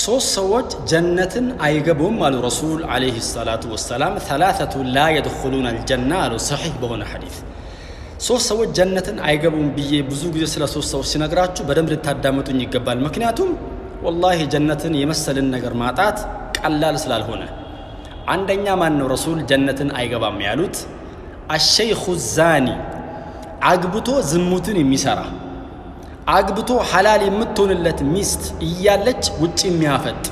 ሶስት ሰዎች ጀነትን አይገቡም አሉ ረሱል ዓለይሂ ሰላቱ ወሰላም። ሰላሰቱ ላ የድኹሉን አልጀና አሉ ሰሒህ በሆነ ሐዲስ። ሶስት ሰዎች ጀነትን አይገቡም ብዬ ብዙ ጊዜ ስለ ሶስት ሰዎች ሲነግራችሁ በደንብ ልታዳምጡኝ ይገባል። ምክንያቱም ወላሂ ጀነትን የመሰልን ነገር ማጣት ቀላል ስላልሆነ፣ አንደኛ ማን ነው ረሱል ጀነትን አይገባም ያሉት? አሸይኹ ዛኒ አግብቶ ዝሙትን የሚሰራ አግብቶ ሐላል የምትሆንለት ሚስት እያለች ውጭ የሚያፈጥ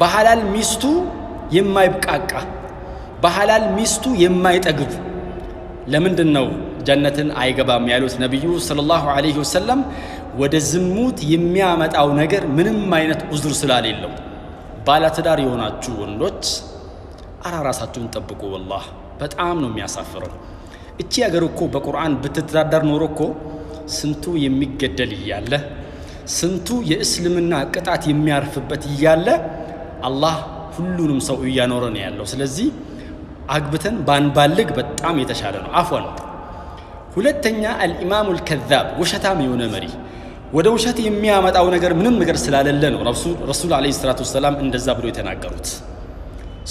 በሐላል ሚስቱ የማይብቃቃ በሐላል ሚስቱ የማይጠግብ ለምንድን ነው ጀነትን አይገባም ያሉት ነቢዩ ሰለላሁ ዐለይሂ ወሰለም? ወደ ዝሙት የሚያመጣው ነገር ምንም አይነት ዑዝር ስላሌለው። ባለትዳር የሆናችሁ ወንዶች አራ ራሳችሁን ጠብቁ። ወላህ በጣም ነው የሚያሳፍረው። እቺ አገር እኮ በቁርአን ብትተዳደር ኖሮ እኮ ስንቱ የሚገደል እያለ ስንቱ የእስልምና ቅጣት የሚያርፍበት እያለ አላህ ሁሉንም ሰው እያኖረ ነው ያለው። ስለዚህ አግብተን ባንባልግ በጣም የተሻለ ነው። አፏን ሁለተኛ አልኢማሙ ልከዛብ ውሸታም የሆነ መሪ ወደ ውሸት የሚያመጣው ነገር ምንም ነገር ስላለለ ነው ረሱል ዓለይሂ ሰላቱ ወሰላም እንደዛ ብሎ የተናገሩት።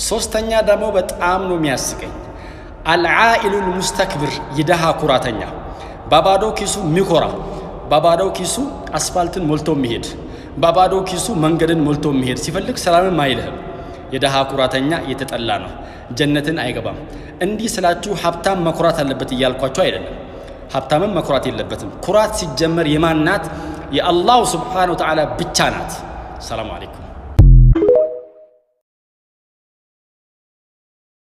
ሶስተኛ ደግሞ በጣም ነው የሚያስቀኝ አልዓኢሉል ሙስተክብር የደሃ ኩራተኛ በባዶ ኪሱ ሚኮራ በባዶ ኪሱ አስፋልትን ሞልቶ የሚሄድ በባዶ ኪሱ መንገድን ሞልቶ የሚሄድ ሲፈልግ ሰላምም አይልህም። የደሃ ኩራተኛ የተጠላ ነው፣ ጀነትን አይገባም። እንዲህ ስላችሁ ሀብታም መኩራት አለበት እያልኳቸው አይደለም። ሀብታምም መኩራት የለበትም። ኩራት ሲጀመር የማን ናት? የአላሁ ስብሓነሁ ወተዓላ ብቻ ናት። ሰላሙ አለይኩም